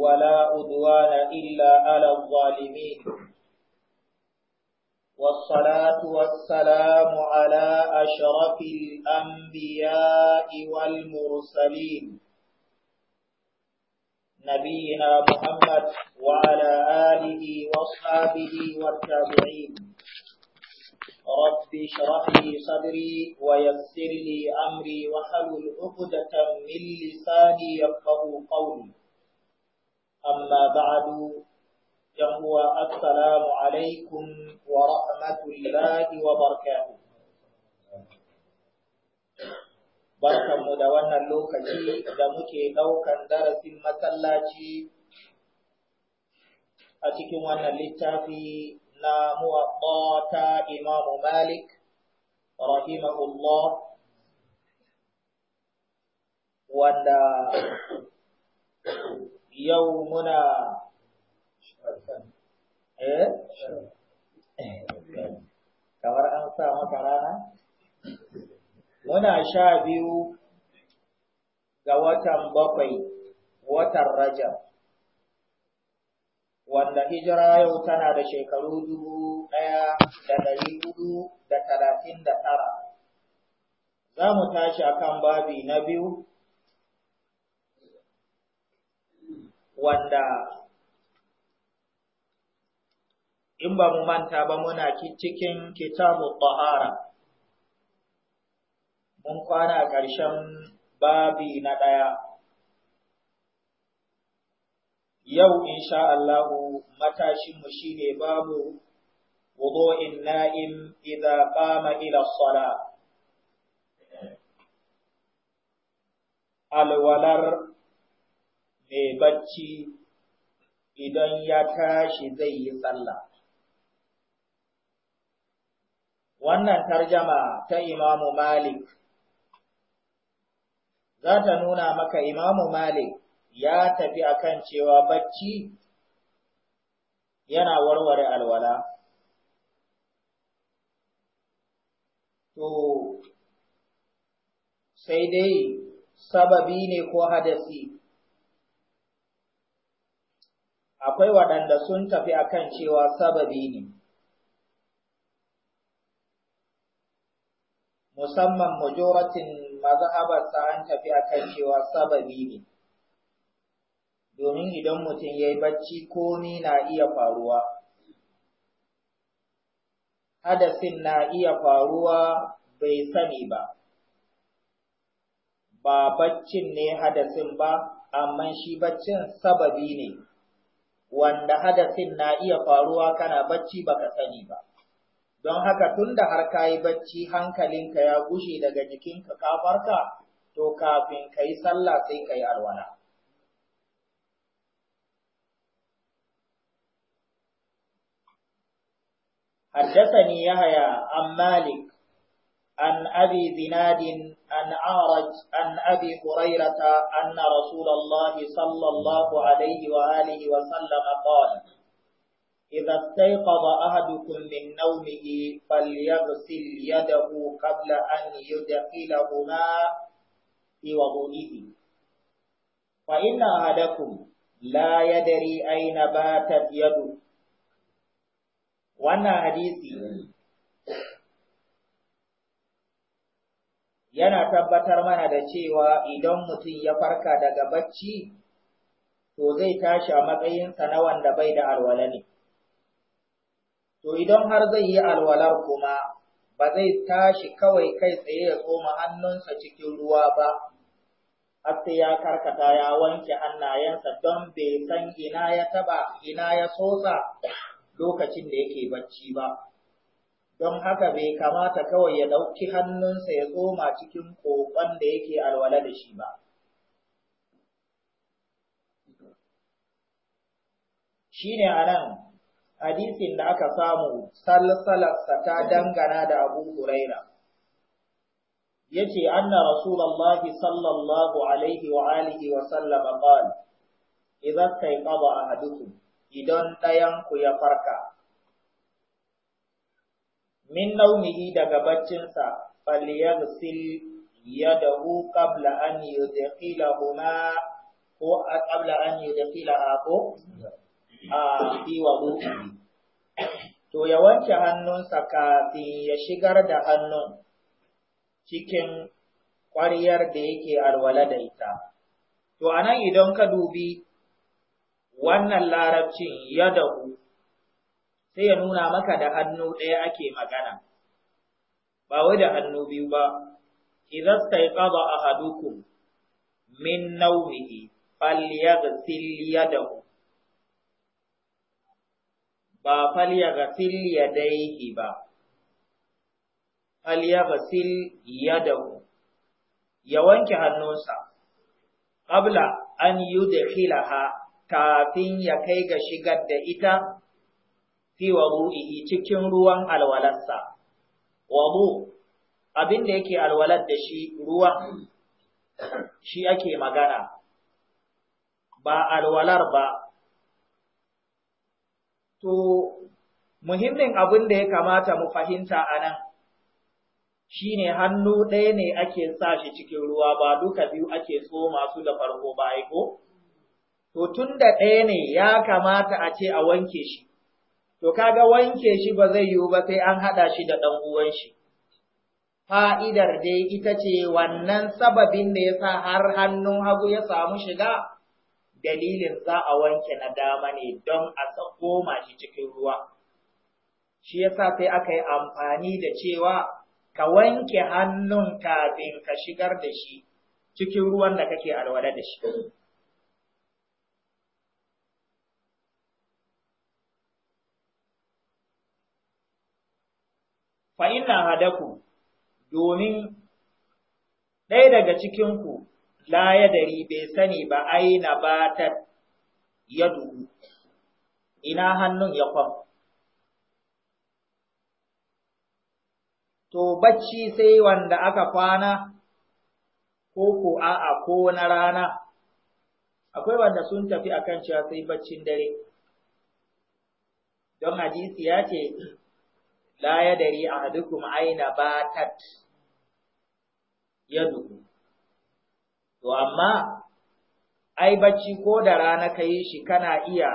ولا عدوان إلا على الظالمين والصلاة والسلام على أشرف الأنبياء والمرسلين نبينا محمد وعلى آله وصحبه والتابعين رب اشرح لي صدري ويسر لي أمري وحلل عقدة من لساني يفقه قولي أما بعد يهو السلام عليكم ورحمة الله وبركاته barkanmu da wannan lokaci da muke ɗaukan darasin masallaci a cikin wannan littafi na muwaɓɓa imamu malik rahimahullah wanda yau muna eh? kamar an sa maka rana muna sha biyu ga watan bakwai watan rajab wanda hijira yau tana da shekaru dubu ɗaya da ɗari hudu da talatin da tara za mu tashi kan babi na biyu wanda in ba mu manta ba muna cikin kitabu tahara mun kwana ƙarshen babi na ɗaya yau insha Allahu mu shine babu wudu'in na'im idza qama ila salat alwalar mai bacci idan ya tashi zai yi tsalla? Wannan tarjama ta Imamu Malik za ta nuna maka Imamu Malik ya tafi akan cewa bacci yana warware alwala. To, sai dai sababi ne ko hadasi. akwai waɗanda sun tafi akan cewa sababi ne, musamman majoratin mazhabarsa an tafi akan cewa sababi ne, domin idan mutum ya yi bacci komi na iya faruwa, hadasin na iya faruwa bai sani ba. Ba baccin ne hadasin ba, amma shi baccin sababi ne. wanda hadasin na iya faruwa kana bacci baka sani ba. Don haka tun da har ka yi bacci hankalinka ya gushe daga jikinka ka farka, to kafin ka yi sallah sai ka yi alwala. حدثني يحيى عن مالك عن أبي زناد عن عارج عن أبي هريرة أن رسول الله صلى الله عليه وآله وسلم قال إذا استيقظ أحدكم من نومه فليغسل يده قبل أن يدخلهما في وضوئه فإن أحدكم لا يدري أين باتت يده وأن حديثي yana tabbatar mana da cewa idan mutum ya farka daga bacci, to zai tashi a matsayinsa na wanda bai da alwala ne. To idan har zai yi alwalar kuma ba zai tashi kawai kai tsaye ya tsoma hannunsa cikin ruwa ba, har sai ya karkata ya wanke hannayensa don bai san ina ya taba ina ya sosa lokacin da yake bacci ba. don haka bai kamata kawai ya ɗauki hannunsa ya tsoma cikin kokon da yake alwala da shi ba. Shi ne a nan hadisin da aka samu salsalarsa ta dangana da abu huraira. yace anna rasulullahi sallallahu alaihi wa alihi wa sallam qala idza tayqaba ahadukum idan dayan ku ya farka min naumihi daga baccinsa falyaghsil yadahu qabla an yudkhilahuma ko qabla an a ko a fi wudu to ya wanke hannunsa kafin ya shigar da hannun cikin ƙwariyar da yake alwala da ita to anan idan ka dubi wannan larabcin ya dahu? sai ya nuna maka da hannu ɗaya ake magana, ba wai da hannu biyu ba, idan yi ƙaba a hadukum min naumihi falyaghsil yadahu ba falyaghsil yadayhi ba falyaghsil yadahu ya wanke hannunsa qabla an yudkhilaha kafin ya kai ga shigar da ita fi wudu'i cikin ruwan alwalarsa wudu abin da yake alwalar da shi ruwan shi ake magana ba alwalar ba to muhimmin abin da ya kamata mu fahimta anan shine hannu ɗaya ne ake sa shi cikin ruwa ba duka biyu ake so masu da farko ba ko to tunda ɗaya ne ya kamata a ce a wanke shi to kaga wanke shi ba zai yiwu ba sai an haɗa shi da ɗan uwan shi. Fa'idar dai ita ce wannan sababin da ya sa har hannun hagu ya samu shiga, dalilin za a wanke na dama ne don a koma shi cikin ruwa. Shi ya sa sai aka yi amfani da cewa ka wanke hannun kafin ka shigar da shi cikin ruwan da kake alwala da shi. fa inna hadaku domin ɗaya daga cikinku la ya dari bai sani ba aina ba ta yadu ina hannun ya kwam. To bacci sai wanda aka kwana ko ko a'a ko na rana, akwai wanda sun tafi akan cewa sai baccin dare, don hadisi ya ce la a hadukum aina batat yaduhu to amma ai bacci ko da rana kai shi kana iya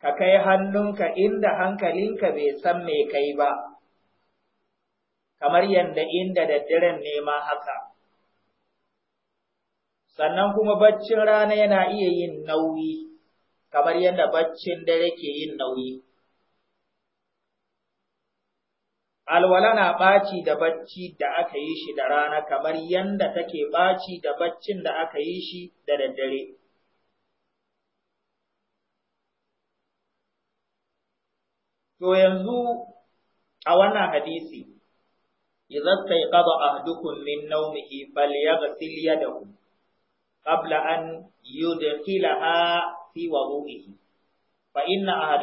ka kai hannunka inda hankalinka bai san me kai ba kamar yanda inda daddaren nema haka sannan kuma baccin rana yana iya yin nauyi kamar yadda baccin dare ke yin nauyi alwala na ɓaci da bacci da aka yi shi da rana kamar yanda take ɓaci da baccin da aka yi shi da daddare. To yanzu a wannan hadisi, idan sai kaba min bal ya gasiliya da ku, kabla an yi da a fi wa fa ina a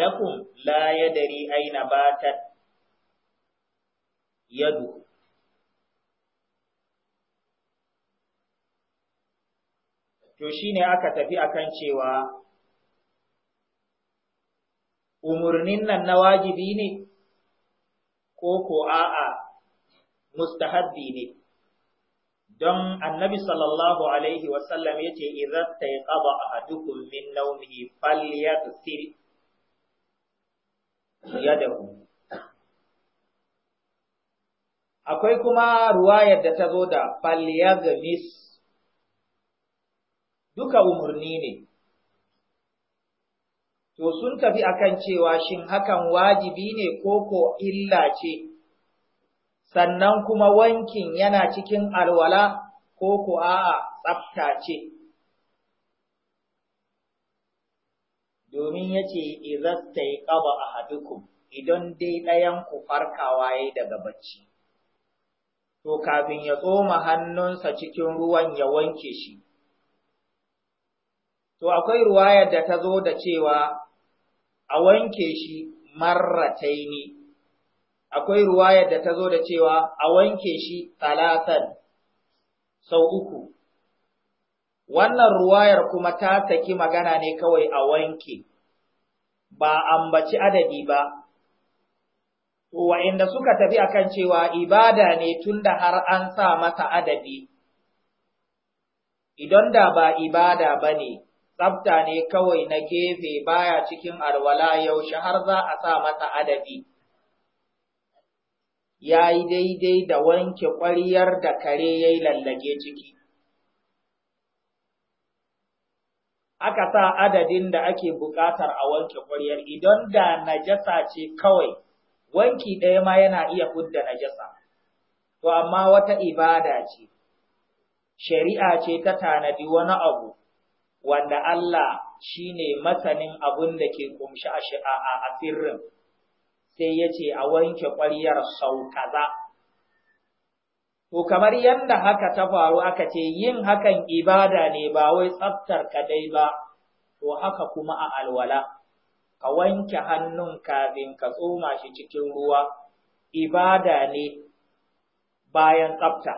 la yadari aina batat yadu to shine aka tafi akan cewa umurnin nan na wajibi ne ko ko a'a mustahabbi ne don annabi sallallahu alaihi wasallam ya ce idan ta yi ƙaba a hadukun min naumihi fal da tsiri ya Akwai kuma ruwayar da ta zo da falyagmis duka umarni ne. To sun tafi akan cewa shin hakan wajibi ne ko ko illa ce, sannan kuma wankin yana cikin alwala ko ko a'a tsafta ce. Domin ya ce, Izasta yi ƙaba a idan dai ɗayan ku farkawa ya daga bacci. to kafin ya tsoma hannunsa cikin ruwan ya wanke shi. To akwai ruwayar da ta zo da cewa a wanke shi marrataini, akwai ruwayar da ta zo da cewa a wanke shi talatan sau uku. Wannan ruwayar kuma ta saki magana ne kawai a wanke, ba ambaci adadi ba, to wa'inda suka tafi akan cewa ibada ne tunda har an sa masa adadi idan da ba ibada bane tsafta ne kawai na gefe baya cikin alwala yaushe har za a sa masa adadi ya yi daidai da wanke ƙwariyar da kare ya yi lallage ciki. Aka sa adadin da ake buƙatar a wanke ƙwariyar idan da najasa ce kawai wanki ɗaya ma yana iya hudda najasa. To amma wata ibada ce, shari'a ce ta tanadi wani abu wanda Allah shi ne masanin abun da ke kumshi a a sirrin, sai yace a wanke ƙwaryar sau kaza. To kamar yadda haka ta faru aka ce yin hakan ibada ne ba wai tsaftar kadai ba, to haka kuma a alwala. ka wanke hannun kafin ka tsoma shi cikin ruwa ibada ne bayan tsafta.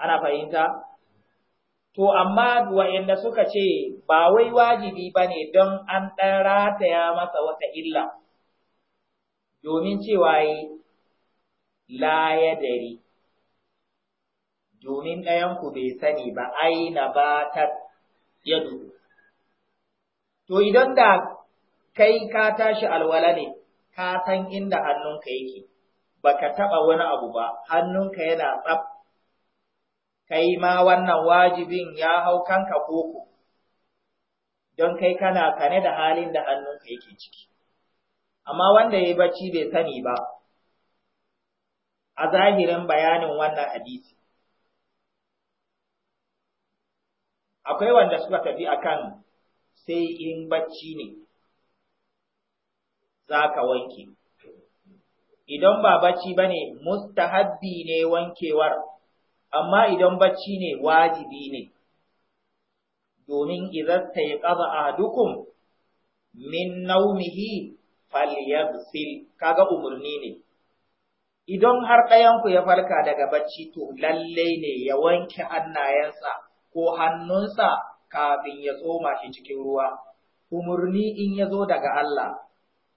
Ana fahimta? To, amma wa'yanda suka ce ba wai wajibi ba ne don an ɗan rataya masa wata illa, domin cewa yi layadari, domin ɗayanku bai sani ba aina ba ta yadu. To idan da kai ka tashi alwala ne, ka san inda hannunka yake, baka taɓa wani abu ba, hannunka yana tsaf, kai ma wannan wajibin ya hau kanka koko, don kai kana kane da halin da hannunka yake ciki. Amma wanda ya yi bacci bai sani ba, a zahirin bayanin wannan hadisi. Akwai wanda suka tafi akan sai in bacci ne za ka wanke. Idan ba bacci ba ne, mustahabbi ne wankewar, amma idan bacci ne wajibi ne, domin izasta ya ƙaba a dukun min naumihi falyabsil kaga umarni ne. Idan har ɗayanku ya farka daga bacci to lallai ne ya wanke hannayensa ko hannunsa kafin ya tsoma shi cikin ruwa umurni in ya zo daga Allah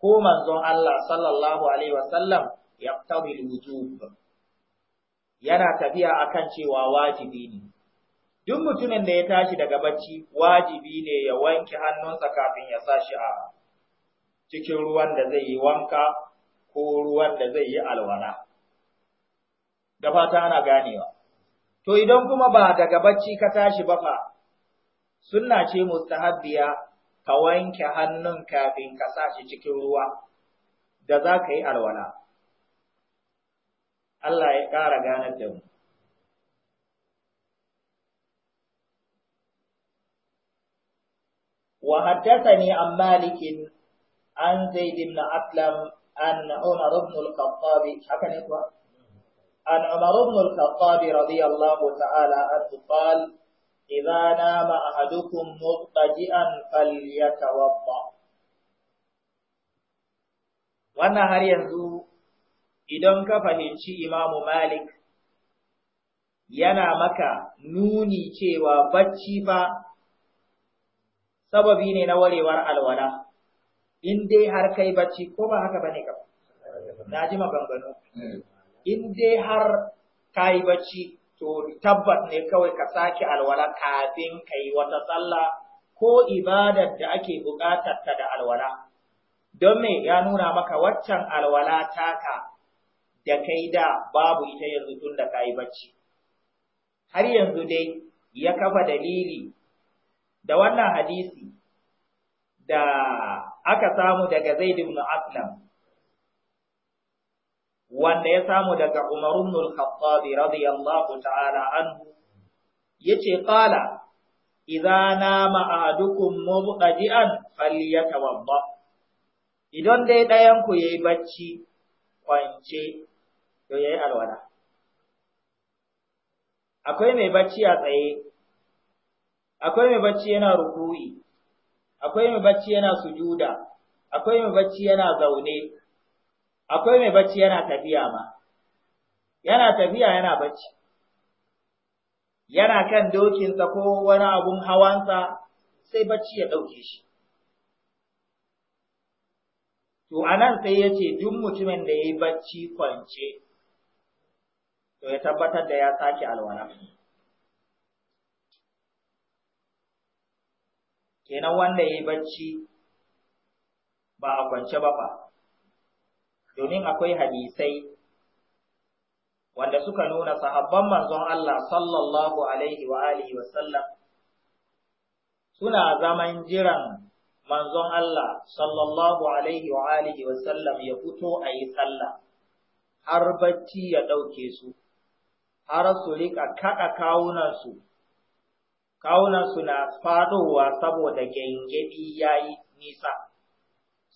ko manzon Allah sallallahu alaihi wasallam yaqtabil wujub yana tafiya a kan cewa wajibi ne duk mutumin da ya tashi daga bacci wajibi ne ya wanke hannunsa kafin ya sa shi a cikin ruwan da zai yi wanka ko ruwan da zai yi alwala da fata ana ganewa to idan kuma ba daga bacci ka tashi ba fa sunna ce mustahabbiya ka wanke hannun kafin ka sa shi cikin ruwa da za ka yi alwala. Allah ya ƙara ganar da mu. وحدثني عن مالك عن زيد بن أسلم عن عمر بن الخطاب عن عمر بن الخطاب رضي الله تعالى عنه قال إذا نام أحدكم مضطجئا فليتوضأ wannan har yanzu idan ka fahimci imamu malik yana maka nuni cewa bacci fa sababi ne na warewar alwala in dai har kai bacci ko ba haka bane ka na ji maganganu in dai har kai bacci to tabbat ne kawai ka sake alwala kafin ka yi wata sallah ko ibadar da ake buƙatar ta da alwala. Don me ya nuna maka waccan alwala taka da kai da babu ita yanzu tun da ka yi bacci. Har yanzu dai ya kafa dalili da wannan hadisi da aka samu daga Zaid ibn Aslam wanda ya samu daga Umar ibn al-Khattab radiyallahu ta'ala anhu yace qala idza nama ahadukum mubqadi'an falyatawadda idan dai dayan ku yayi bacci kwance to yayi alwala akwai mai bacci a tsaye akwai mai bacci yana ruku'i akwai mai bacci yana sujuda akwai mai bacci yana zaune akwai mai bacci yana tafiya ma yana tafiya yana bacci yana kan dokinsa ko wani abun hawansa sai bacci ya ɗauke shi to anan sai yace duk mutumin da ya yi bacci kwance to ya tabbatar da ya sake alwala kenan wanda ya yi bacci ba a kwance ba fa domin akwai hadisai wanda suka nuna sahabban manzon Allah sallallahu alaihi wa alihi wa sallam suna zaman jiran manzon Allah sallallahu alaihi wa alihi wa sallam ya fito a yi sallah har bacci ya ɗauke su har su rika kaɗa kawunansu kawunansu na faɗowa saboda gyangyaɗi ya yi nisa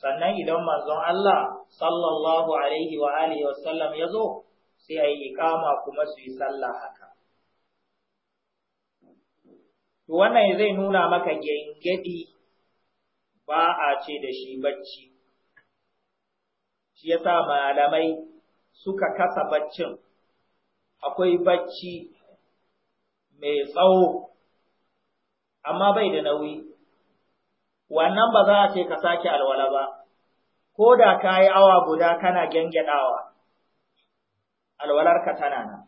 sannan idan manzon Allah sallallahu alaihi wa alihi wa sallam ya zo sai ayi ikama kuma su yi sallah haka to wannan zai nuna maka gengedi ba a ce da shi bacci shi yasa malamai suka kasa baccin akwai bacci mai tsawo amma bai da nauyi wannan ba za a ce ka sake alwala ba, ko da ka yi awa guda kana gyangyaɗawa, alwalarka tana nan.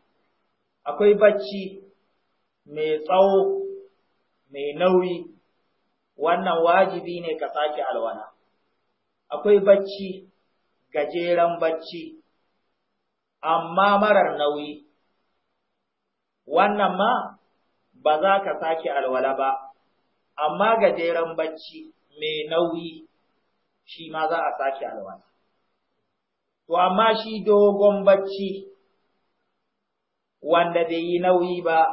Akwai bacci mai tsawo, mai nauyi, wannan wajibi ne ka sake alwala. Akwai bacci, gajeren bacci, amma marar nauyi, wannan ma ba za ka sake alwala ba. amma gajeren bacci mai nauyi shi ma za a sake alwala. To amma shi dogon bacci wanda bai yi nauyi ba,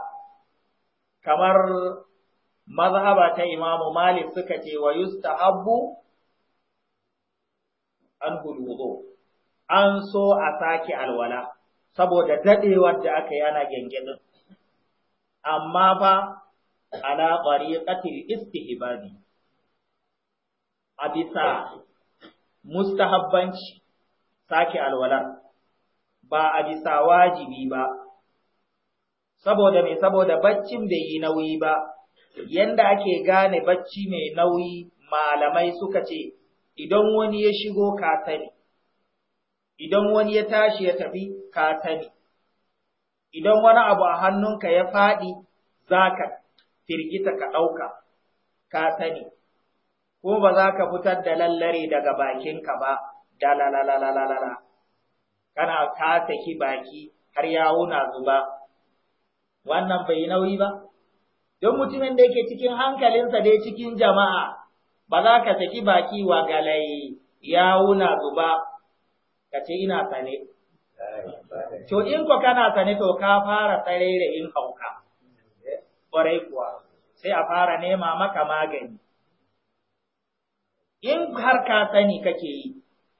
kamar mazhaba ta imamu Malik suka ce wa abu an hulwuzo, an so a sake alwala, saboda daɗewar da aka yi ana Amma fa ala tariqatil istihbabi a mustahabbanci sake alwalar ba a bisa wajibi ba saboda me saboda baccin bai yi nauyi ba yanda ake gane bacci mai nauyi malamai suka ce idan wani ya shigo ka idan wani ya tashi ya tafi ka idan wani abu a hannunka ya faɗi za ka firgita ka ɗauka, ka sani, ko ba za ka fitar da lallare daga bakinka ba, da lalalalala, kana ka saki baki har ya wuna zuba, wannan bai nauyi ba, don mutumin da yake cikin hankalinsa dai cikin jama'a, ba za ka saki baki wa galai ya wuna zuba, ka ce ina sane. To in ko kana sane to ka fara tsare da in hauka. kwarai kuwa sai a fara nema maka magani in har ka sani kake yi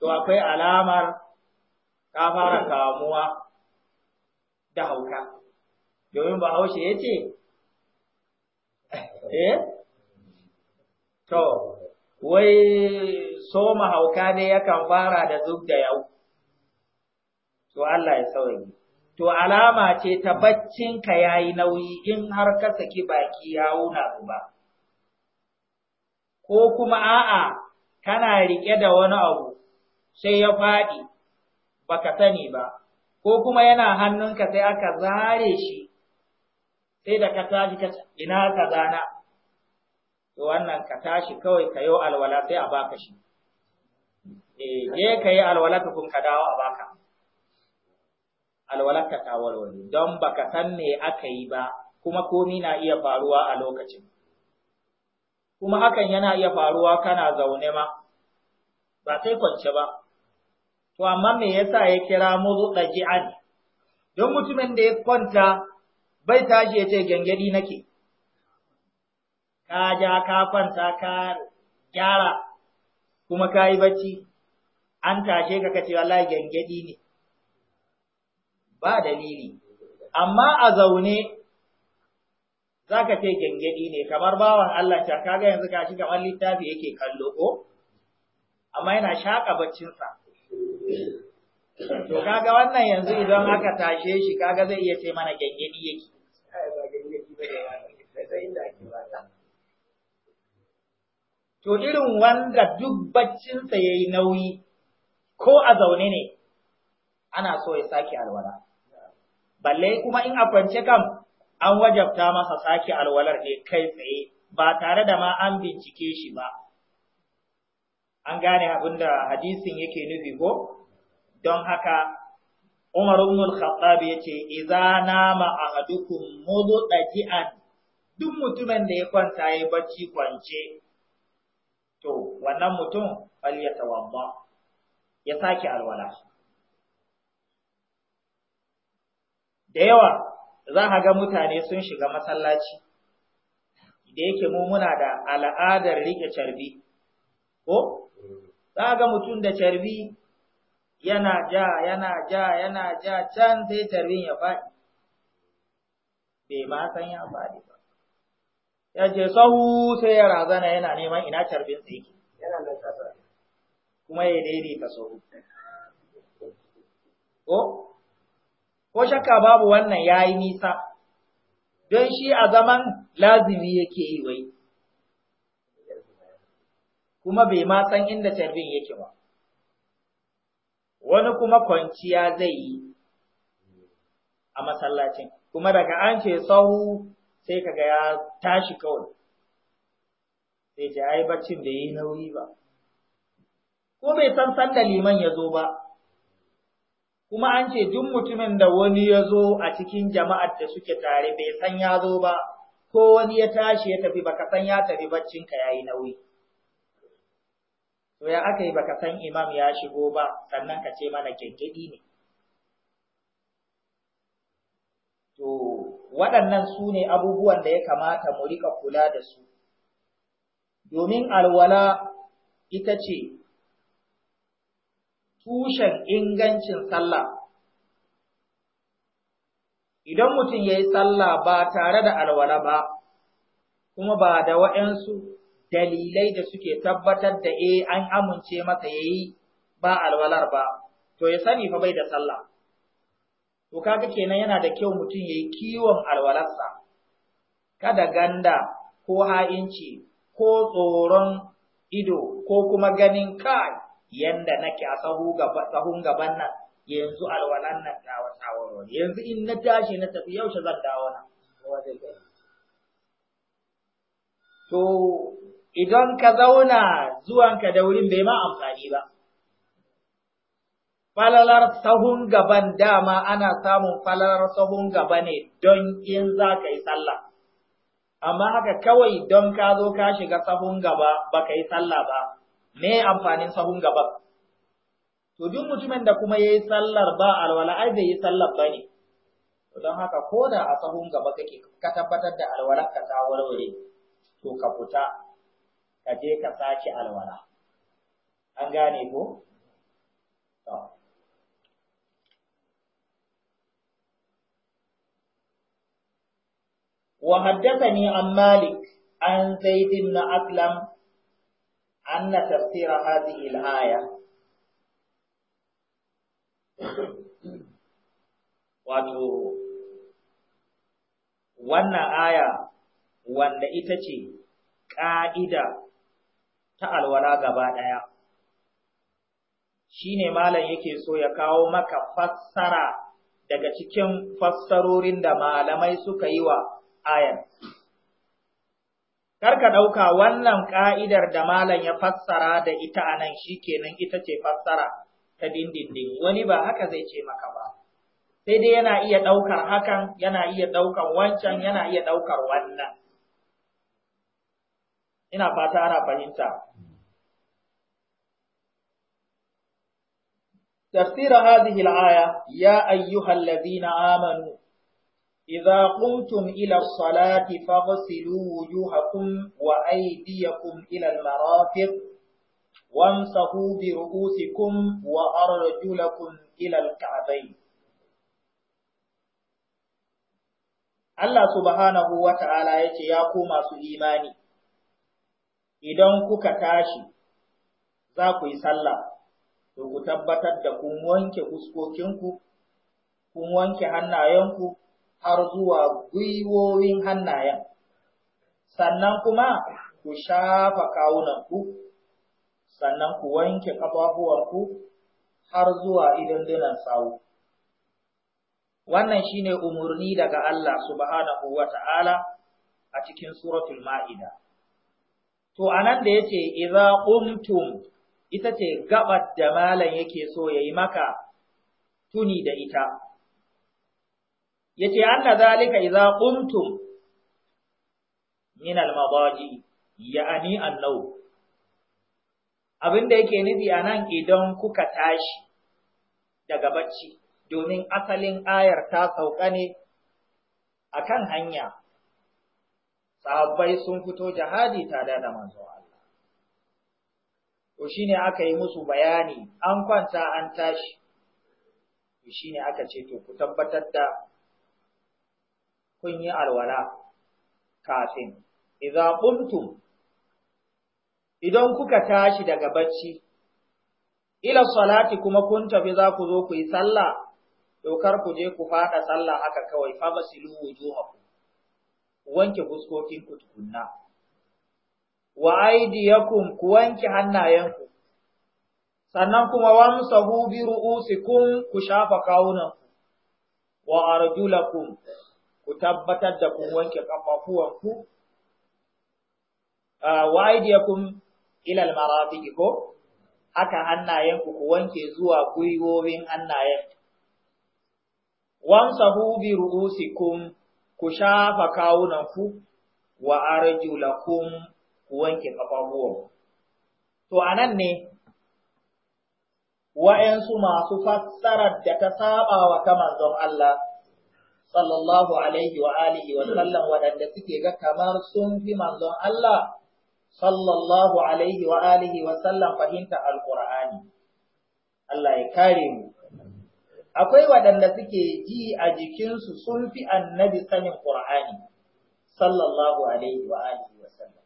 to akwai alamar ka fara kamuwa da hauka domin bahaushe ya ce eh to wai soma hauka ne yakan fara da zub da yau to Allah ya sauye to alama ce ta baccinka ya yi nauyi in har ka saki baki ya wuna zuba. Ko kuma a'a, kana riƙe da wani abu, sai ya faɗi, baka sani ba, ko kuma yana hannunka sai aka zare shi, sai da ka tashi ka ina ka zana, to wannan ka tashi kawai ka yi alwala sai a baka shi. Eh, je ka yi alwala tukun ka dawo a baka. alwalarka ta warware don baka san me aka yi ba kuma komi na iya faruwa a lokacin kuma hakan yana iya faruwa kana zaune ma ba sai kwance ba to amma me yasa ya kira zuɗa ji'an don mutumin da ya kwanta bai tashi ya ce gangadi nake ka ja ka kwanta ka gyara kuma ka yi bacci an tashe ka kace wallahi ne ba dalili amma a zaune zaka ce gengedi ne kamar bawan Allah ta kaga yanzu gashi kamar littafi yake kallo ko amma yana shaka baccin sa to kaga wannan yanzu idan aka tashe shi kaga zai iya ce mana gengedi yake To irin wanda duk baccinsa ya yi nauyi, ko a zaune ne, ana so ya sake alwala. balle kuma in a kwance kam an wajabta masa sake alwalar ne kai tsaye ba tare da ma an bincike shi ba an gane abin da hadisin yake nufi ko don haka Umar ibn al-Khattab yace idza nama ahadukum muddaji'an duk mutumin da ya kwanta yayi bacci kwance to wannan mutum fal ya sake alwala da yawa za a ga mutane sun shiga masallaci da yake mu muna da al'adar rike carbi ko za a ga mutum da carbi yana ja yana ja yana ja can sai carbin ya faɗi bai ma san ya faɗi ba ya je sahu sai ya razana yana neman ina carbin sai yake kuma ya daidaita sahu ko ko shakka babu wannan yayi nisa don shi a zaman lazimi yake yi wai kuma bai ma san inda tarbin yake ba wani kuma kwanciya zai yi a masallacin kuma daga an ce sahu sai kaga ya tashi kawai sai ta ai baccin da yi nauyi ba ko bai san sanda liman ya zo ba kuma an ce duk mutumin da wani ya zo a cikin jama'ar da suke tare bai san ya zo ba ko wani ya tashi ya tafi baka san ya tafi ya yayi nauyi to ya aka yi baka san imam ya shigo ba sannan ka ce mana gengedi ne to waɗannan su ne abubuwan da ya kamata mu rika kula da su domin alwala ita ce tushen ingancin sallah. Idan mutum ya yi sallah ba tare da alwala ba, kuma ba da waɗansu dalilai da suke tabbatar da e an amince masa ya yi ba alwalar ba, to ya sani fa bai da sallah. To kaga kenan yana da kyau mutum ya yi kiwon alwalarsa, kada ganda ko ha'inci ko tsoron ido ko kuma ganin kai yanda nake a sahun gaban nan yanzu alwalan nan wata waro yanzu in na tashi na tafi yaushe zan dawo nan to idan ka zauna zuwanka da wurin bai ma amfani ba falalar sahun gaban dama ana samun falalar sahun gaba ne don in za ka yi sallah amma haka kawai don ka zo ka shiga sahun gaba ba ka yi sallah ba me amfanin sahun gaba to duk mutumin da kuma yayi sallar ba alwala ai bai yi sallar bane don haka ko da a sahun gaba kake ka tabbatar da alwala ka ta warware to ka fita ka je ka sake alwala an gane ko to haddathani an malik an زيد ibn Aslam. أن تفسير هذه الآية wato wannan aya wanda ita ce ƙa'ida ta alwala gaba ɗaya shi ne malam yake so ya kawo maka fassara daga cikin fassarorin da malamai suka yi wa ayan Kar ka ɗauka wannan ƙa'idar da malam ya fassara da ita a nan shi kenan ita ce fassara ta dindindin wani ba haka zai ce maka ba sai dai yana iya ɗaukar hakan yana iya ɗaukar wancan yana iya ɗaukar wannan ina fata ana fahimta tafsirin hadhihi al-aya ya ayyuhal ladina amanu إذا قمتم إلى الصلاة فاغسلوا وجوهكم وأيديكم إلى المرافق وامسحوا برؤوسكم وأرجلكم إلى الكعبين Allah subhanahu wa ta'ala ya ce, Ya ku masu imani, idan kuka tashi, za ku yi sallah, to ku tabbatar da kun wanke fuskokinku, kun wanke hannayenku, har zuwa gwiwoyin hannayen, sannan kuma ku shafa kawunanku, sannan ku wanke ƙafafuwanku har zuwa idan idundunan sawu. Wannan shi ne umarni daga Allah subhanahu wa ta'ala a cikin suratul ma'ida. To, a nan da ya ce, Iza ƙumtum, ita ce gabar da malam yake so ya yi maka tuni da ita. yace anna zalika idza qumtum min al-madaji ya'ani an abinda yake nufi anan idan kuka tashi daga bacci domin asalin ayar ta sauka ne akan hanya sahabbai sun fito jihadi tare da manzo Allah to shine aka yi musu bayani an kwanta an tashi to shine aka ce to ku tabbatar da kun yi alwala kafin idza qumtum idan kuka tashi daga bacci ila salati kuma kun tafi za ku zo ku yi sallah to ku je ku fada sallah haka kawai fa basilu wujuhakum wanke fuskokin ku tukunna wa kun ku wanke hannayenku sannan kuma wamsahu bi ru'usikum ku shafa kawunan wa arjulakum ku tabbatar da kun wanke kafafuwanku wa aydiyakum ila al ko haka hannayenku ku wanke zuwa gwiwowin hannayen wamsahu bi ru'usikum ku shafa kawunanku wa arjulakum ku wanke kafafuwanku to anan ne wa'yansu masu fassarar da ta saba wa ta manzon Allah sallallahu alaihi wa alihi wa sallam wadanda suke ga kamar sun fi manzon Allah sallallahu alaihi wa alihi wa sallam fahimta alqur'ani Allah ya kare mu akwai wadanda suke ji a jikinsu sun fi annabi sanin qur'ani sallallahu alaihi wa alihi wa sallam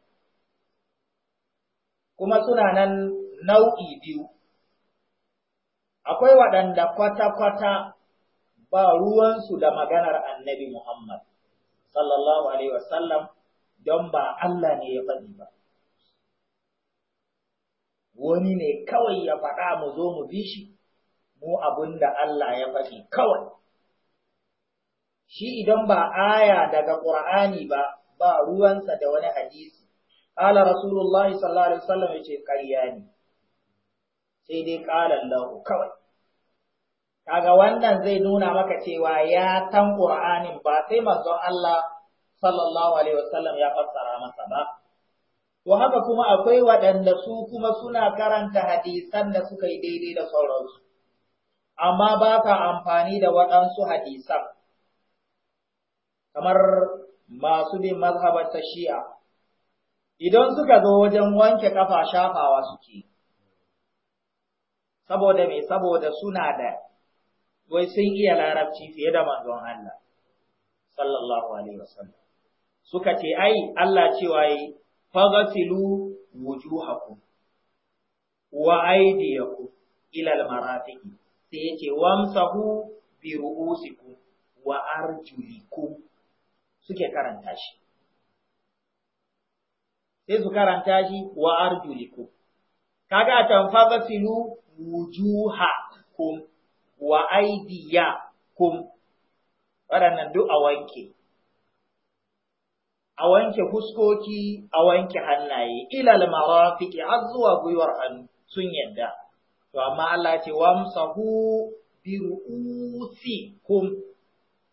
kuma suna nan nau'i biyu akwai waɗanda kwata-kwata ba ruwansu da maganar annabi Muhammad sallallahu alaihi wasallam don ba Allah ne ya faɗi ba. Wani ne kawai ya faɗa mu zo mu bi shi, mu abin Allah ya faɗi kawai. Shi idan ba aya daga Ƙur'ani ba, ba ruwansa da wani hadisi. Ƙala Rasulullahi sallallahu alaihi wasallam ya ce ƙarya ne, sai dai ƙalan lahu kawai. kaga wannan zai nuna maka cewa ya tan Qur'anin ba sai manzon Allah sallallahu alaihi wasallam ya fassara masa ba to haka kuma akwai waɗanda su kuma suna karanta hadisan da suka yi daidai da sauransu amma ba ka amfani da waɗansu hadisan kamar masu bin mazhabar ta shi'a idan suka zo wajen wanke kafa shafawa suke saboda me saboda suna da wai sun iya larabci fiye da manzon Allah sallallahu alaihi wasallam suka ce ai Allah cewa yi fagasilu wujuhakum wa aydiyakum ila almarafiqi sai yace wamsahu bi ru'usikum wa arjulikum suke karanta shi sai su karanta shi wa arjulikum kaga tan faghsilu wujuhakum wa aidiya kum waɗannan duk a wanke a wanke fuskoki a wanke hannaye ilal marafiki, har zuwa gwiwar hannu sun yadda to amma Allah ce wamsahu bi ru'usikum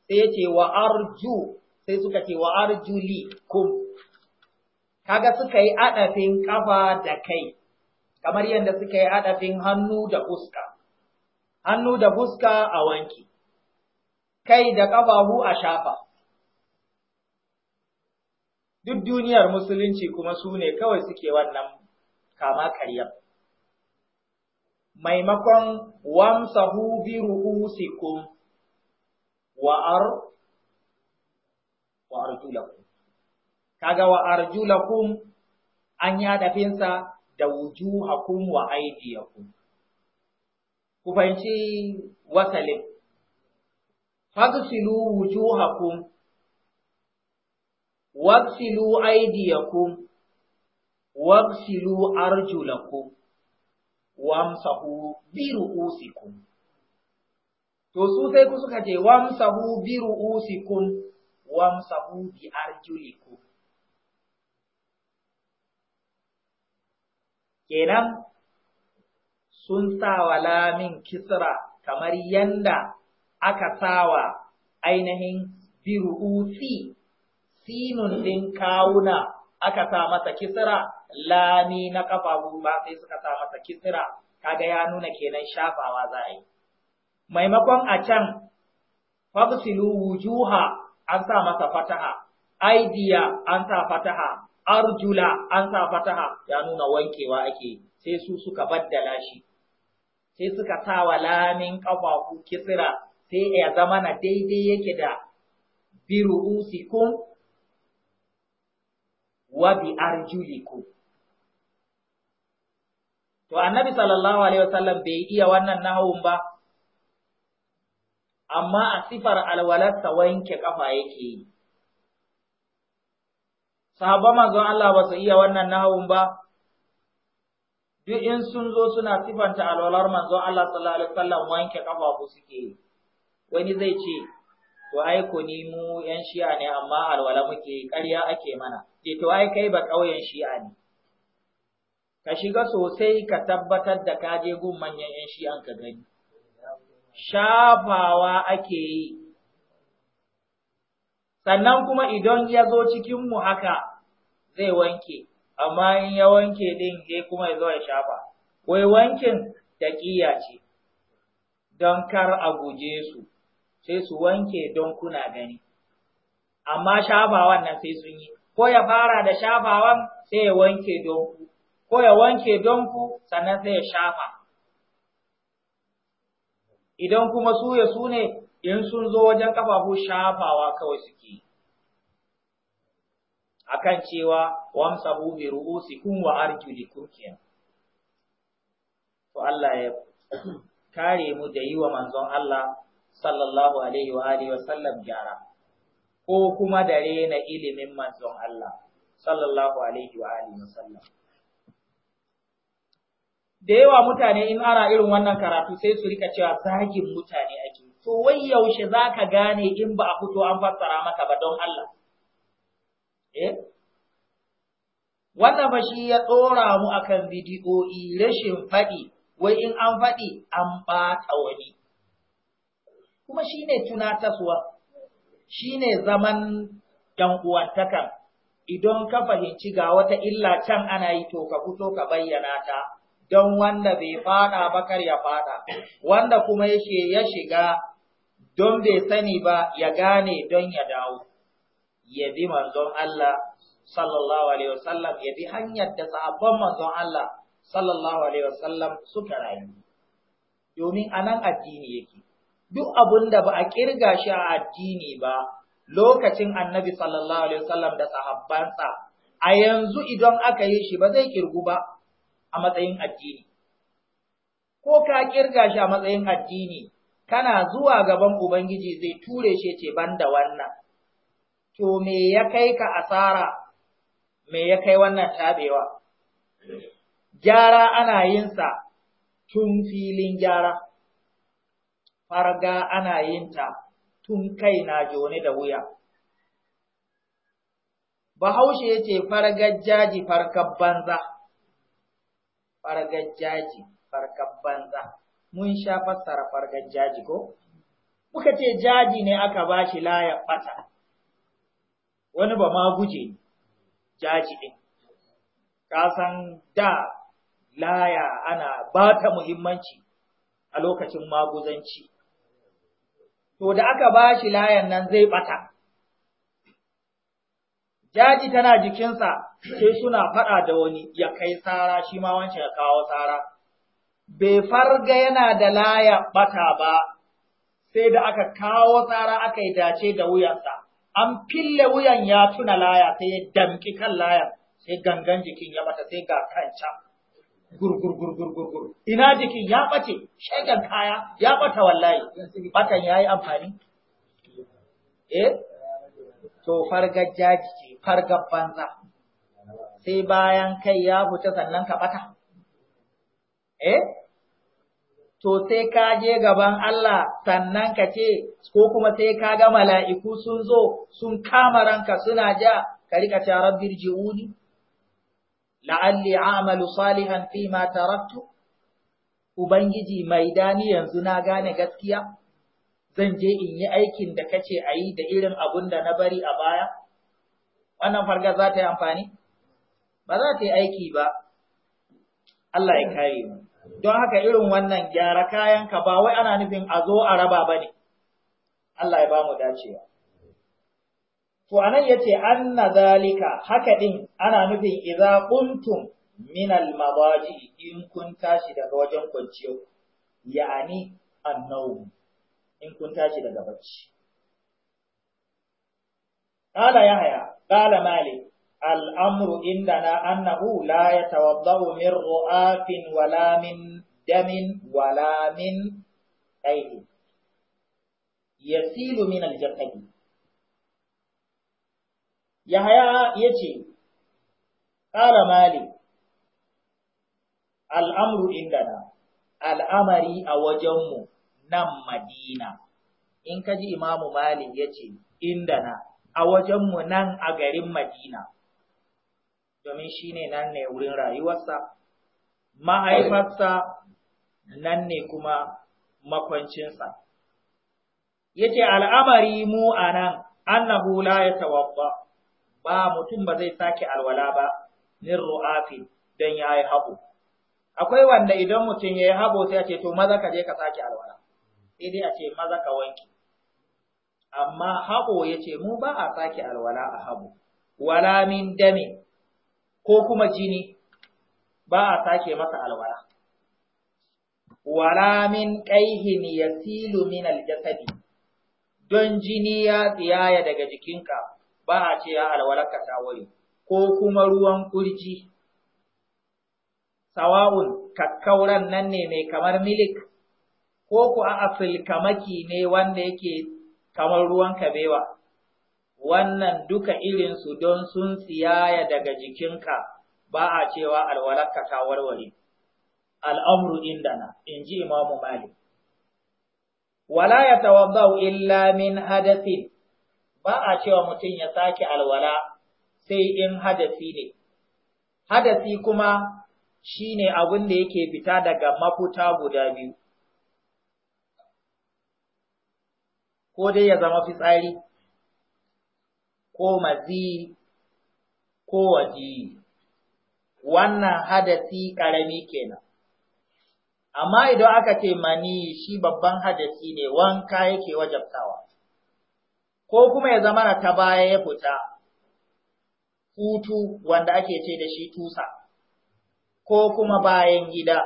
sai ce wa arju sai suka ce wa arjuli kum kaga suka yi adafin kafa da kai kamar yadda suka yi adafin hannu da fuska hannu da fuska a wanki, kai da ƙafafu a shafa. Duk duniyar musulunci kuma su ne kawai suke wannan kama karyar. Maimakon wamsahu bi ru'usikum wa'ar wa’ar arjulakum kaga wa’ar arjulakum an yada finsa da wujuhakum wa aidiyakum. ku fahimci wasalin fagsilu wujuhakum wagsilu aydiyakum wagsilu arjulakum wamsahu bi ru'usikum to su sai ku suka ce wamsahu bi ru'usikum wamsahu bi arjulikum kenan sun sawa lamin kisra kamar yanda aka sawa ainihin biru'usi sinun ɗin kawuna aka sa masa kisra lami na kafafu ba sai suka sa masa kisra kaga ya nuna kenan shafawa za a yi maimakon a can fafsilu wujuha an sa masa fataha aidiya an sa fataha arjula an sa fataha ya nuna wankewa ake sai su suka baddala shi sai suka sa wa lamin ƙafafu kisira sai ya zama na daidai yake da biru'usikum wa bi arjulikum to annabi sallallahu alaihi wasallam bai iya wannan nahawun ba amma a sifar alwalarsa wanke kafa yake yi sahabban manzon Allah ba su iya wannan nahawun ba duk in sun zo suna sifanta alwalar manzon Allah sallallahu alaihi wasallam wanke kafafu suke wani zai ce to ai ko ni mu yan shi'a ne amma alwala muke ƙarya ake mana ce to ai kai ba ƙauyen shi'a ne ka shiga sosai ka tabbatar da ka je gun manyan yan shi'an ka gani shafawa ake yi sannan kuma idan ya zo cikin mu haka zai wanke amma in ya wanke din sai kuma ya zo ya shafa wai wankin taƙiya ce don kar a guje su sai su wanke don kuna gani amma shafawan nan sai sun yi ko ya fara da shafawan sai ya wanke don ku ko ya wanke don ku sannan sai ya shafa idan kuma su ya sune in sun zo wajen kafafu shafawa kawai suke akan cewa wamsahu bi ru'usikum wa arjulikum kurkiya." to Allah ya kare mu da yi wa manzon Allah sallallahu alaihi wa alihi wa sallam gyara ko kuma da rena ilimin manzon Allah sallallahu alaihi wa alihi wa sallam da yawa mutane in ara irin wannan karatu sai su rika cewa zagin mutane ake to wai yaushe zaka gane in ba a fito an fassara maka ba don Allah Eh? Wannan ba shi ya tsora mu a kan bidiyo'i rashin faɗi, wai in an faɗi an ɓata wani. Kuma shi ne tunataswa, shi ne zaman uwantakan idan ka fahimci ga wata illa can ana yi to ka fito ka bayyana ta, don wanda bai faɗa ba kar ya faɗa, wanda kuma yake ya shiga don bai sani ba ya gane don ya dawo. ya bi manzon Allah sallallahu alaihi wasallam ya bi hanyar da sahabban manzon Allah sallallahu alaihi wasallam suka rayu domin anan addini yake duk abun da ba a kirga shi a addini ba lokacin annabi sallallahu alaihi wasallam da sahabbansa a yanzu idan aka yi shi ba zai kirgu ba a matsayin addini ko ka kirga shi a matsayin addini kana zuwa gaban ubangiji zai ture shi ce banda wannan to me ya kai ka asara, me ya kai wannan tabewa? Gyara ana yinsa tun filin gyara, farga ana yinta tun kai na jone da wuya. Bahaushe ya ce fargar jaji farkar banza, fargar jaji farkar banza, mun sha fassara fargar jaji ko? Muka ce jaji ne aka ba shi layar fata. wani ba ma guje jaji ɗin. Kasan da laya ana ba ta muhimmanci a lokacin maguzanci. To da aka ba shi layan nan zai ɓata. Jaji tana jikinsa sai suna faɗa da wani ya kai tsara shi ma wancan ya kawo tsara. Bai farga yana da laya ɓata ba sai da aka kawo tsara aka yi dace da wuyansa. an fille wuyan ya tuna laya sai ya damki kan laya sai gangan jikin ya bata sai ga kanta gurgur gurgur gurgur ina jikin ya bace shagan kaya ya bata wallahi batan yayi amfani eh to jaji jiki fargar banza sai bayan kai ya huta sannan ka bata eh to sai ka je gaban Allah sannan ka ce ko kuma sai ka ga mala'iku sun zo sun kama ranka suna ja ka rika ta rabbi ji'uni la'alli a'malu salihan fi ma taraktu ubangiji mai dani yanzu na gane gaskiya zan je in yi aikin da kace a yi da irin abun da na bari a baya wannan fargar za ta yi amfani ba za ta yi aiki ba Allah ya kare mu don haka irin wannan gyara kayan ka ba wai ana nufin a zo a raba ba ne Allah ya ba mu dacewa to anan yace anna zalika haka din ana nufin idza kuntum min al in kun tashi daga wajen kwanciyo ya'ani annau in kun tashi daga bacci qala yahya qala malik al'amru inda na annahu la ya tawadda'u min ru'afin wala min damin wala min aini yasilu min aljaqabi yahaya yace qala mali al'amru na al'amari a wajenmu nan madina in ji imamu ce yace na. a wajenmu nan a garin madina domin shi ne nan ne wurin rayuwarsa, mahaifarsa nan ne kuma makwancinsa. Yace al'amari mu a nan, annahu la ya tawabba, ba mutum ba zai sake alwala ba, min ru'afi don ya yi haɓo. Akwai wanda idan mutum ya yi haɓo sai a ce, to maza ka je ka sake alwala, sai dai a ce maza ka wanki. Amma haɓo ya ce, mu ba a sake alwala a haɓo, wala min dame, ko kuma jini ba a sake masa alwala. Wala min ƙaihin ya silu min aljasadi, don jini ya tsiyaya daga jikinka ba a ce ya alwalarka ta ko kuma ruwan kurji. Sawa'un kakkauran nan ne mai kamar milik, ko ku a kamaki ne wanda yake kamar ruwan kabewa. wannan duka irinsu don sun siyaya daga jikinka ba a cewa alwalarka ta warware. Al'amru indana, in ji Imamu Malik. Wala ya tawabau illa min hadafin. ba a cewa mutum ya sake alwala sai in hadasi ne. Hadasi kuma shine ne abin da yake fita daga mafuta guda biyu, ko dai ya zama fitsari. ko mazi ko waji. Wannan hadasi ƙarami kenan. Amma idan aka ce mani shi babban hadasi ne wanka yake wajabtawa, ko kuma ya zama ta baya ya fita, hutu wanda ake ce da shi tusa, ko kuma bayan gida.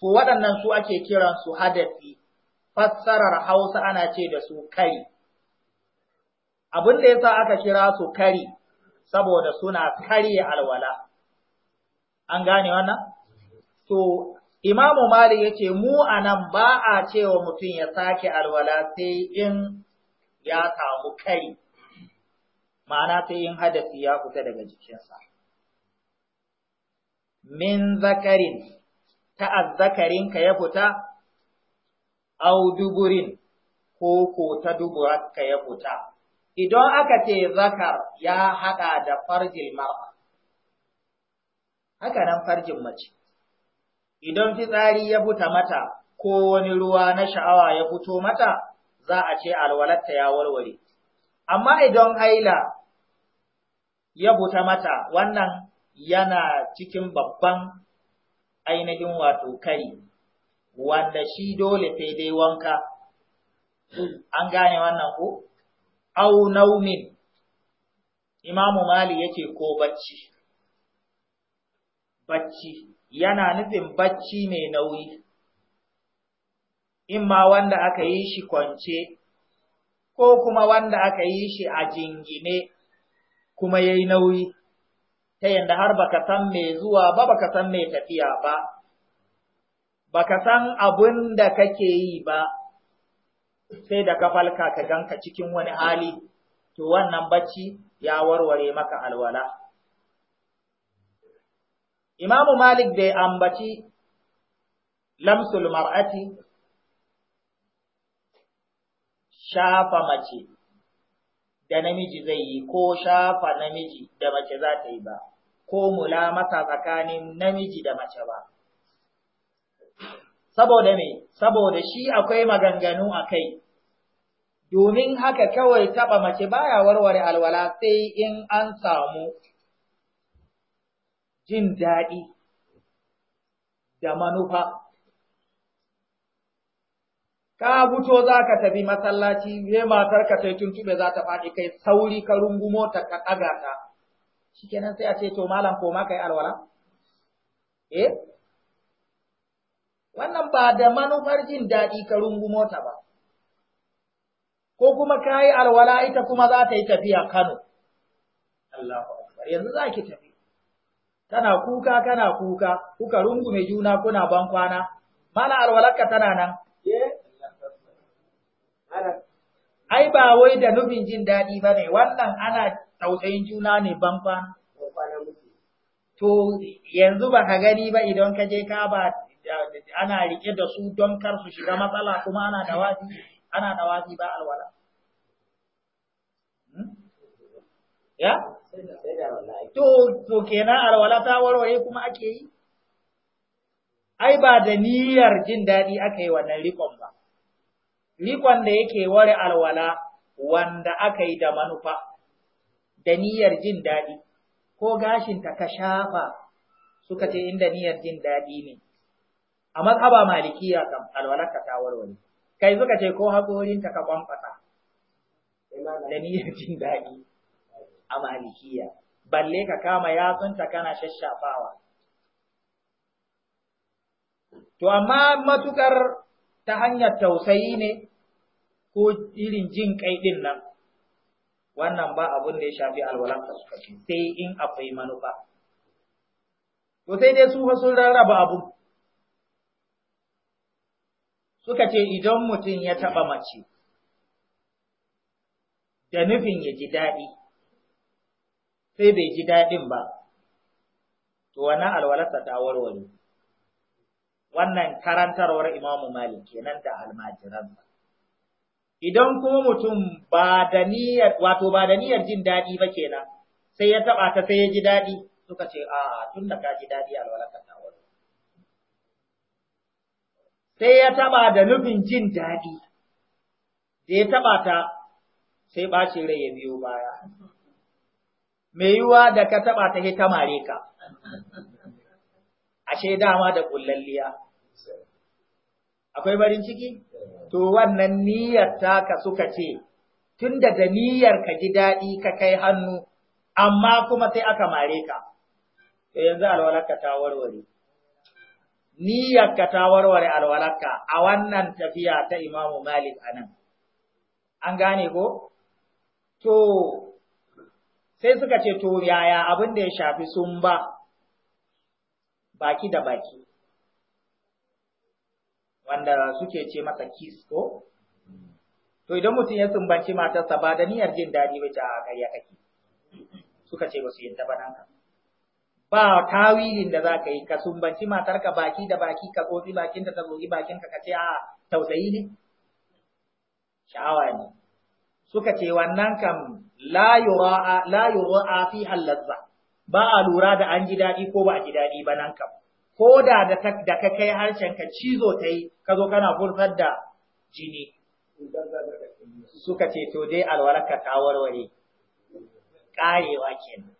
To waɗannan su ake kiransu hadasi, fassarar Hausa ana ce da su kai. abin da yasa aka kira su kari saboda suna karya alwala an gane wannan to imamu malik yace mu anan ba a cewa mutum ya sake alwala sai in ya samu kari ma'ana sai in hadasi ya fita daga jikinsa min zakarin ta ka ya fita, au duburin ko ko ta ka ya fita, Idan aka ce zakar ya haɗa da farjin mar'a, haka nan farjin mace, idan fitsari ya buta mata ko wani ruwa na sha'awa ya buto mata, za a ce alwalatta ya warware. Amma idan haila ya buta mata wannan yana cikin babban ainihin wato kai, wanda shi dole sai dai wanka, an gane wannan ko? au naumin imamu mali yake ko bacci bacci yana nufin bacci mai nauyi imma wanda aka yi shi kwance ko kuma wanda aka yi shi a jingine kuma ya yi nauyi ta yadda har baka san mai zuwa ba baka san mai tafiya ba baka san abun da kake yi ba sai da ka falka ka ganka cikin wani hali to wannan bacci ya warware maka alwala Imamu Malik bai ambaci lamsul mar'ati shafa mace da namiji zai yi ko shafa namiji da mace za ta yi ba ko mulamata tsakanin namiji da mace ba saboda me saboda shi akwai maganganu a kai domin haka kawai taɓa mace baya warware alwala sai in an samu jin daɗi da manufa ka fito za ka tafi masallaci sai matarka sai tuntube za ta faɗi kai sauri ka rungumo ta ka ɗaga ta shikenan sai a ce to malam ko ma kai alwala eh wannan ba da manufar jin daɗi ka rungu mota ba ko kuma ka yi alwala ita kuma za ta yi tafiya Kano Allahu akbar yanzu za ki tafi Tana kuka kana kuka kuka rungume juna kuna ban kwana mana alwalarka tana nan eh, ai ba wai da nufin jin daɗi ba ne wannan ana tausayin juna ne ban kwana to yanzu ba ka gani ba idan ka je ka ba ana rike da su don kar su shiga matsala kuma ana dawafi ana dawafi ba alwala hmm? ya to to kenan alwala ta warware kuma ake yi ai ba da niyyar jin daɗi aka yi wannan rikon ba rikon da yake ware alwala wanda aka yi da manufa da niyyar jin daɗi ko gashinta ka shafa suka ce inda niyyar jin daɗi ne a mazhaba malikiya kam alwalarka ta warware kai suka ce ko hakorinta ka kwamfata da niyyar jin daɗi a malikiya balle ka kama yatsunta kana shashafawa to amma matukar ta hanyar tausayi ne ko irin jin kai din nan wannan ba abun da ya shafi alwalanka suka sai in akwai manufa to sai dai su fa sun rarraba abu suka ce idan mutum ya taɓa mace da nufin ya ji daɗi sai bai ji daɗin ba to wannan alwalarsa ta warware wannan karantarwar imamu malik kenan da ba, idan kuma mutum ba da niyyar wato ba da niyyar jin daɗi ba kenan sai ya taɓa ta sai ya ji daɗi suka ce a tun da ka ji daɗi ta sai ya taba da nufin jin daɗi, da ya taba ta sai ɓacin rai ya biyo baya. Mai yiwuwa da ka taba ta ta mare ka, ashe dama da ƙullalliya. Akwai barin ciki? To wannan niyyar taka suka ce, tun da niyyar ka ji daɗi ka kai hannu, amma kuma sai aka mare ka, to yanzu ka ta warware. niyyarka ta warware alwalarka a wannan tafiya ta Imamu Malik a nan. An gane ko? To, sai suka ce, To, yaya abin da ya shafi sun ba, baki da baki, wanda suke ce masa kis ko? To, idan mutum ya sumbanci matarsa ba da niyyar jin daɗi wace a ƙarya kake, suka ce ba su yin tabananka. ba tawilin da za ka yi ka sumbanci matarka baki da baki ka tsotsi bakin ta tsotsi bakin ka ce a tausayi ne sha'awa ne suka ce wannan kam la yura la yura fi halazza ba a lura da an ji dadi ko ba a ji dadi ba nan kam ko da da ka kai harshen ka cizo ta yi ka zo kana furfar da jini suka ce to dai alwalarka ta warware karewa kenan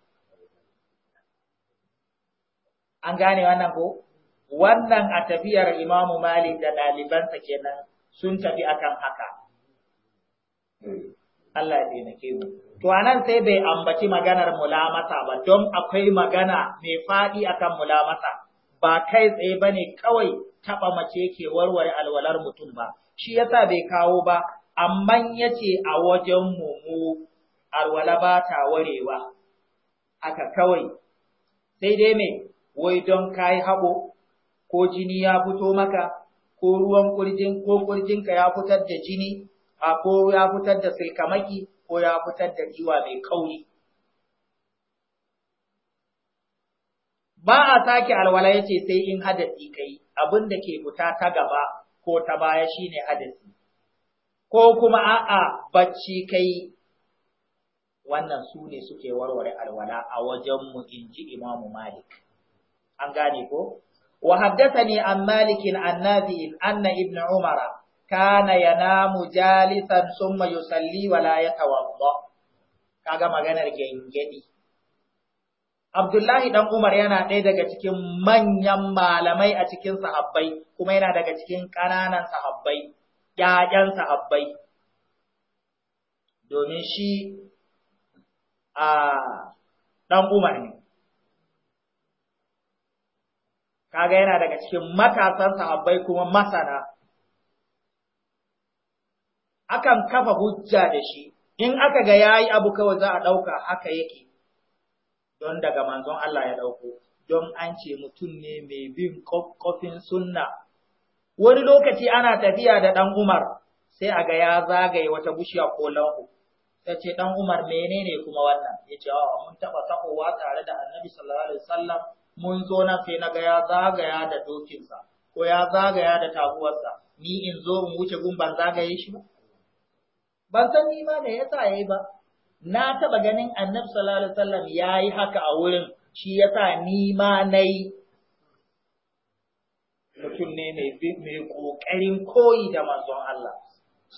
an gane wannan ko wannan a tafiyar imamu malik da ɗalibansa kenan sun tafi akan haka Allah ya ke mu to anan sai bai ambaci maganar mulamata ba don akwai magana mai faɗi akan mulamata ba kai tsaye ne kawai taɓa mace ke warware alwalar mutum ba shi yasa bai kawo ba amma yace a wajen mu mu alwala ba ta warewa haka kawai sai dai me wai don ka yi haɓo ko jini ya fito maka ko ruwan ƙurjin ko ƙurjinka ya fitar da jini a ko ya fitar da silkamaki ko ya fitar da giwa mai kauri. Ba a sake alwala ya ce sai in hadasi kai abin da ke fita ta gaba ko ta baya shine hadasi. Ko kuma a'a bacci kai wannan su ne suke warware alwala a wajenmu in ji Imamu Malik. an gane ko wa haddathani an malikin an nabi anna ibn Umar. kana yanamu jalisan thumma yusalli wa la yatawadda kaga maganar gengedi Abdullahi dan Umar yana ɗaya daga cikin manyan malamai a cikin sahabbai kuma yana daga cikin ƙananan sahabbai ƴaƴan sahabbai domin shi a ah, ɗan Umar ne kaga yana daga cikin matasan sahabbai kuma masana akan kafa hujja da shi in aka ga yayi abu kawai za a ɗauka, haka yake don daga manzon Allah ya ɗauko. don an ce mutum ne mai bin kofin sunna wani lokaci ana tafiya da dan Umar sai a ga ya zagaye wata bushiya ko lanku ta ce dan Umar menene kuma wannan yace a mun taɓa takowa tare da Annabi sallallahu alaihi wasallam mun zo na sai na ga ya zagaya da dokinsa ko ya zagaya da tabuwarsa ni in zo in wuce gun ban zagaye shi ba ban san ni ma me yasa yayi ba na taba ganin annabi sallallahu alaihi wasallam yayi haka a wurin shi yasa ni ma nayi mutum ne mai kokarin koyi da manzon Allah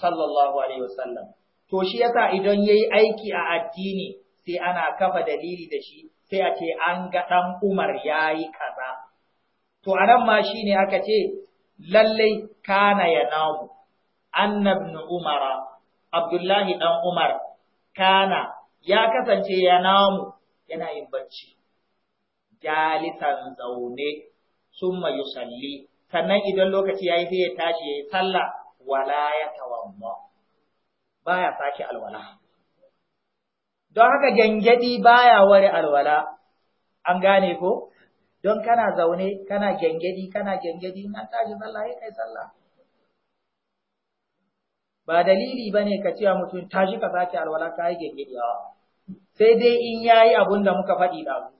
sallallahu alaihi wasallam to shi yasa idan yayi aiki a addini sai ana kafa dalili da shi sai a ce an ga ɗan Umar ya yi kaza. To a nan ma shi ne aka ce, lallai kana ya namu, Annabni Umara, Abdullahi ɗan Umar, kana ya kasance ya namu yana yin bacci, jalisan zaune, sun mayu salli. sannan idan lokaci ya yi sai ya tashi ya yi sallah, wala ya tawamma, ba ya sake alwala. don haka gyangyaɗi baya ware alwala an gane ko don kana zaune kana gyangyaɗi kana gyangyaɗi na tashi sallah kai sallah ba dalili bane ka cewa mutum tashi ka sake alwala ka yi gyangyaɗi sai dai in yayi abun da muka faɗi da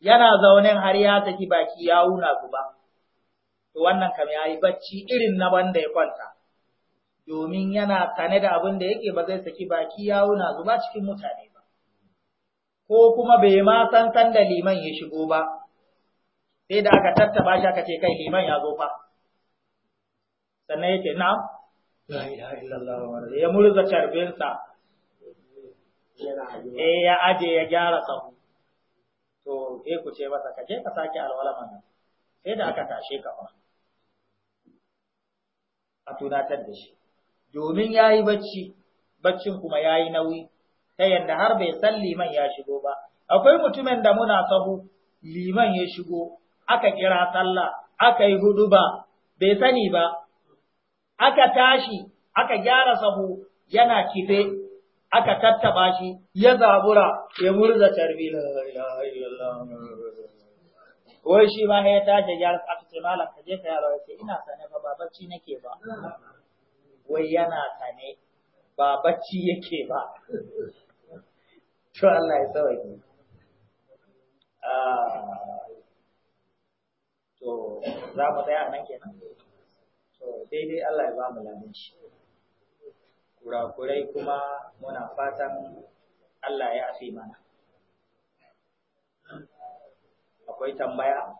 yana zaunen har ya saki baki ya wuna zuba to wannan kam yayi bacci irin na banda ya kwanta domin yana sane da abin da yake ba zai saki baki wuna zuba cikin mutane ba ko kuma bai ma san san da liman ya shigo ba sai da aka tattaba shi aka ce kai liman ya zo fa sannan yake na ya murza tarbinsa eh ya aje ya gyara sahu to eh ku ce masa ka je ka sake alwala nan, sai da aka tashe ka fa a tunatar da shi domin ya yi bacci, baccin kuma ya yi nauyi, ta yadda har bai san liman ya shigo ba. Akwai mutumin da muna sahu, liman ya shigo, aka kira sallah, aka yi hudu ba, bai sani ba, aka tashi, aka gyara sahu yana kife, aka tattaba shi, ya zabura, ya murza tarbi, Wai shi ma ya tashi gyara, aka ce malam ka je ka yaro, ya ce ina sane ba, ba bacci nake ba. wai yana sane ba bacci yake ba to Allah ya sauke ah, to za mu tsaya nan kenan to daidai Allah ya ba mu ladan shi kurakurai kuma muna fatan Allah ya afi mana akwai tambaya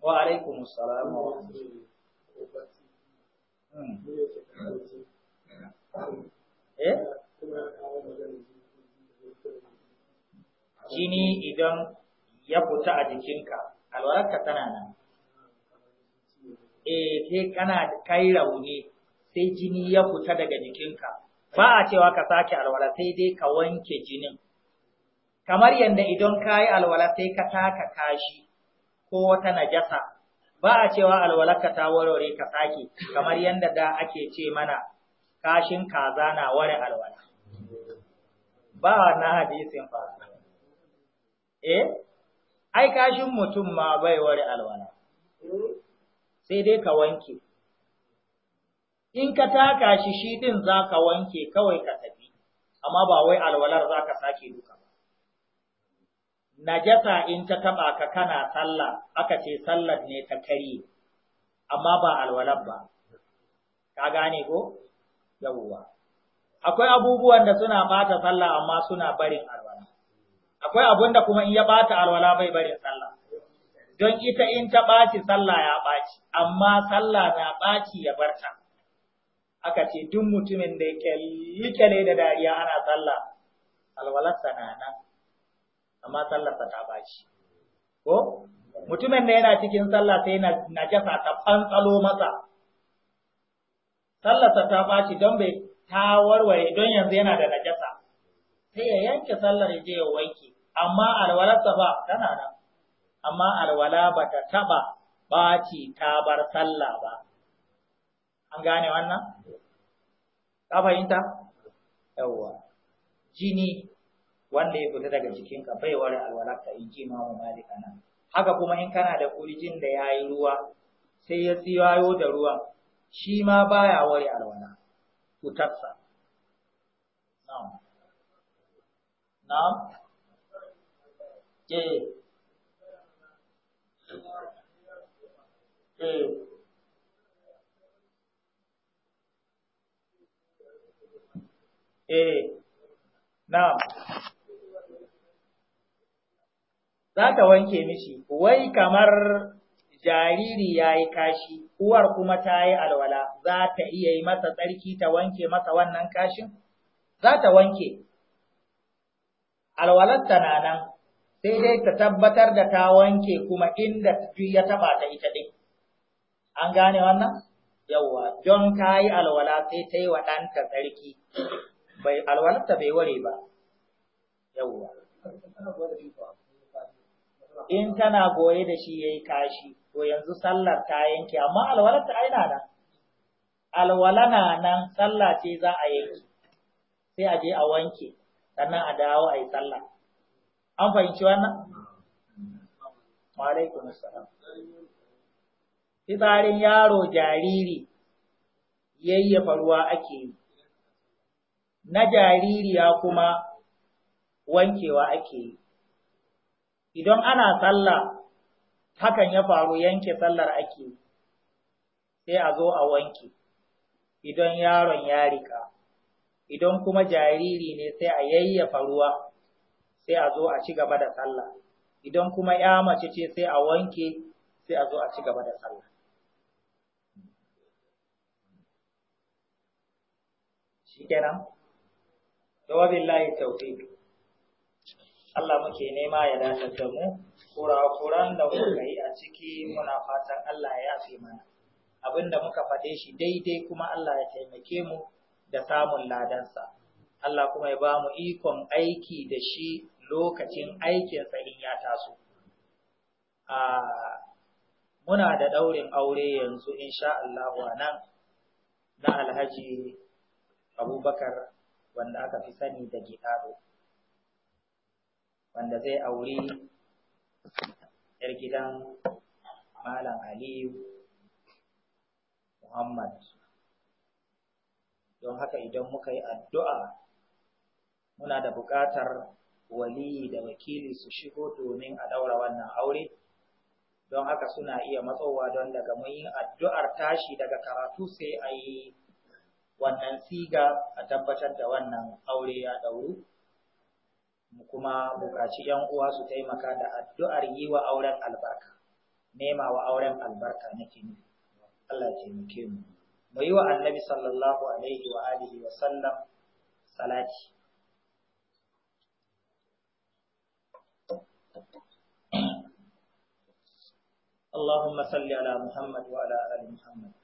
wa alaikumussalam wa rahmatullahi idan ya fita a jikinka alwararka tana nan eh sai kana kai rauni sai jini ya fita daga jikinka ba a cewa ka sake alwala sai dai ka wanke jinin kamar yadda idan ka yi alwala sai ka taka kashi ko wata najasa ba a cewa alwalarka ta warware ka sake kamar yadda da ake ce mana kashin kaza na ware alwala ba na hadisin fa Eh, ai kashin mutum ma bai ware alwala, sai dai ka wanke. In ka taka shi shi ɗin za ka wanke kawai ka tafi, amma ba wai alwalar za ka sake duka ba. Najasa in ta taɓa ka kana sallah, aka ce sallar ne ta karye, amma ba alwalar ba. Ka gane ko? Yawwa. Akwai abubuwan da suna bata sallah amma suna barin alwala. akwai abun da kuma in ya bata alwala bai bari sallah don ita in ta ɓaci sallah ya ɓaci amma sallah na ɓaci ya barta aka ce duk mutumin da yake kyale da dariya ana sallah alwalarsa na nan amma sallarsa ta ɓaci ko mutumin da yana cikin sallah sai na jasa ta fantsalo masa sallarsa ta ɓaci don bai ta warware don yanzu yana da najasa sai ya yanke sallar ya je ya wanke amma alwalarsa ba tana nan amma alwala ba ta taba baci ta bar sallah ba an gane wannan ka fahimta yawwa jini wanda ya fita daga jikin ka bai ware alwalarka in ji mu malika nan. haka kuma in kana da kurjin da ya yi ruwa sai ya tsiyayo da ruwan shi ma baya ware alwala tafsa. Na'am? Eh. Eh. Eh. Za wanke mishi, wai kamar jariri ya yi kashi, uwar kuma ta yi alwala, za ta iya yi masa tsarki ta wanke masa wannan kashin? Za ta wanke. alwalarta na nan sai dai ta tabbatar da ta wanke kuma inda ya taba ta ita din an gane wannan yawwa don ta yi alwala sai ta yi wa ɗanta tsarki bai alwalarta bai ware ba yawwa in tana goye da shi ya yi kashi to yanzu sallar ta yanke amma alwalarta na nan alwala na nan sallah ce za a yanke sai a je a wanke sannan a dawo a yi sallah an fahimci wannan wa alaikum assalam fitsarin yaro jariri yayyafa ruwa ake yi, na jaririya kuma wankewa ake yi. Idan ana sallah hakan ya faru yanke sallar ake yi, sai a zo a wanke, idan yaron ya rika. idan kuma jariri ne sai a yayyafa ruwa sai a zo a ci gaba da sallah idan kuma ya mace ce sai a wanke sai a zo a ci gaba da sallah shikenan jawabillahi tawfiq Allah muke nema ya dace da mu kurakuran da muka yi a ciki muna fatan Allah ya yafe mana abinda muka faɗe shi daidai kuma Allah ya taimake mu da samun ladansa. Allah kuma ya ba mu ikon aiki da shi lokacin aikin in ya taso. Muna da ɗaurin aure yanzu in Allah wa nan na alhaji Abubakar wanda aka fi sani da gitaro, wanda zai auri ‘yar gidan Malam Aliyu Muhammad. don haka idan muka yi addu'a muna da buƙatar waliyi da wakili su shigo domin a ɗaura wannan aure don haka suna iya matsowa don daga muyin addu'ar tashi daga karatu sai a yi wannan siga a tabbatar da wannan aure ya ɗauru kuma buƙaci ‘yan uwa su taimaka da addu'ar yi wa auren albarka nema wa auren albarka na Allah ya taimake mu mu النبي صلى الله عليه وآله وسلم صلاة اللهم صل على محمد وعلى ال محمد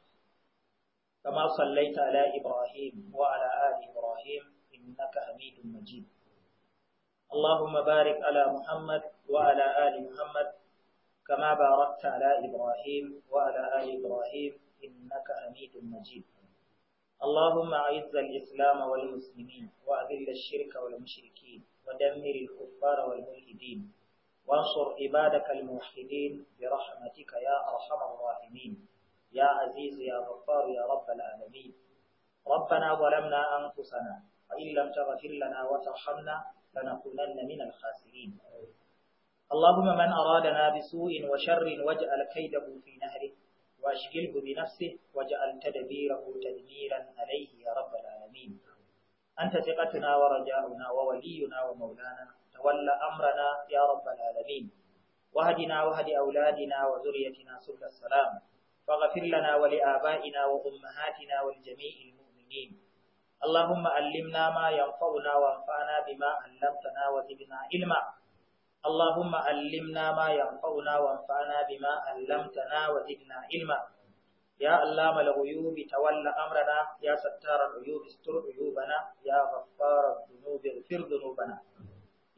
كما صليت على ابراهيم وعلى ال ابراهيم انك حميد مجيد اللهم بارك على محمد وعلى ال محمد كما باركت على ابراهيم وعلى ال ابراهيم إنك حميد مجيد اللهم أعز الإسلام والمسلمين وأذل الشرك والمشركين ودمر الكفار والملحدين وانصر عبادك الموحدين برحمتك يا أرحم الراحمين يا عزيز يا غفار يا رب العالمين ربنا ظلمنا أنفسنا وإن لم تغفر لنا وترحمنا لنكونن من الخاسرين اللهم من أرادنا بسوء وشر واجعل كيده في نهره وأشغله بنفسه واجعل تدبيره تدميرا عليه يا رب العالمين أنت ثقتنا ورجاؤنا وولينا ومولانا تولى أمرنا يا رب العالمين وهدنا وهد أولادنا وذريتنا سبل السلام فاغفر لنا ولآبائنا وأمهاتنا ولجميع المؤمنين اللهم علمنا ما ينفعنا وانفعنا بما علمتنا وزدنا علما اللهم علمنا ما ينفعنا وانفعنا بما علمتنا وزدنا علما يا علام الغيوب تولى أمرنا يا ستار العيوب استر عيوبنا يا غفار الذنوب اغفر ذنوبنا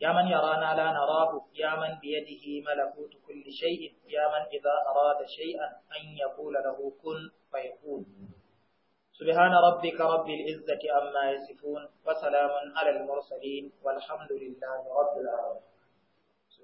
يا من يرانا لا نراه يا من بيده ملكوت كل شيء يا من إذا أراد شيئا أن يقول له كن فيكون سبحان ربك رب العزة أما يصفون وسلام على المرسلين والحمد لله رب العالمين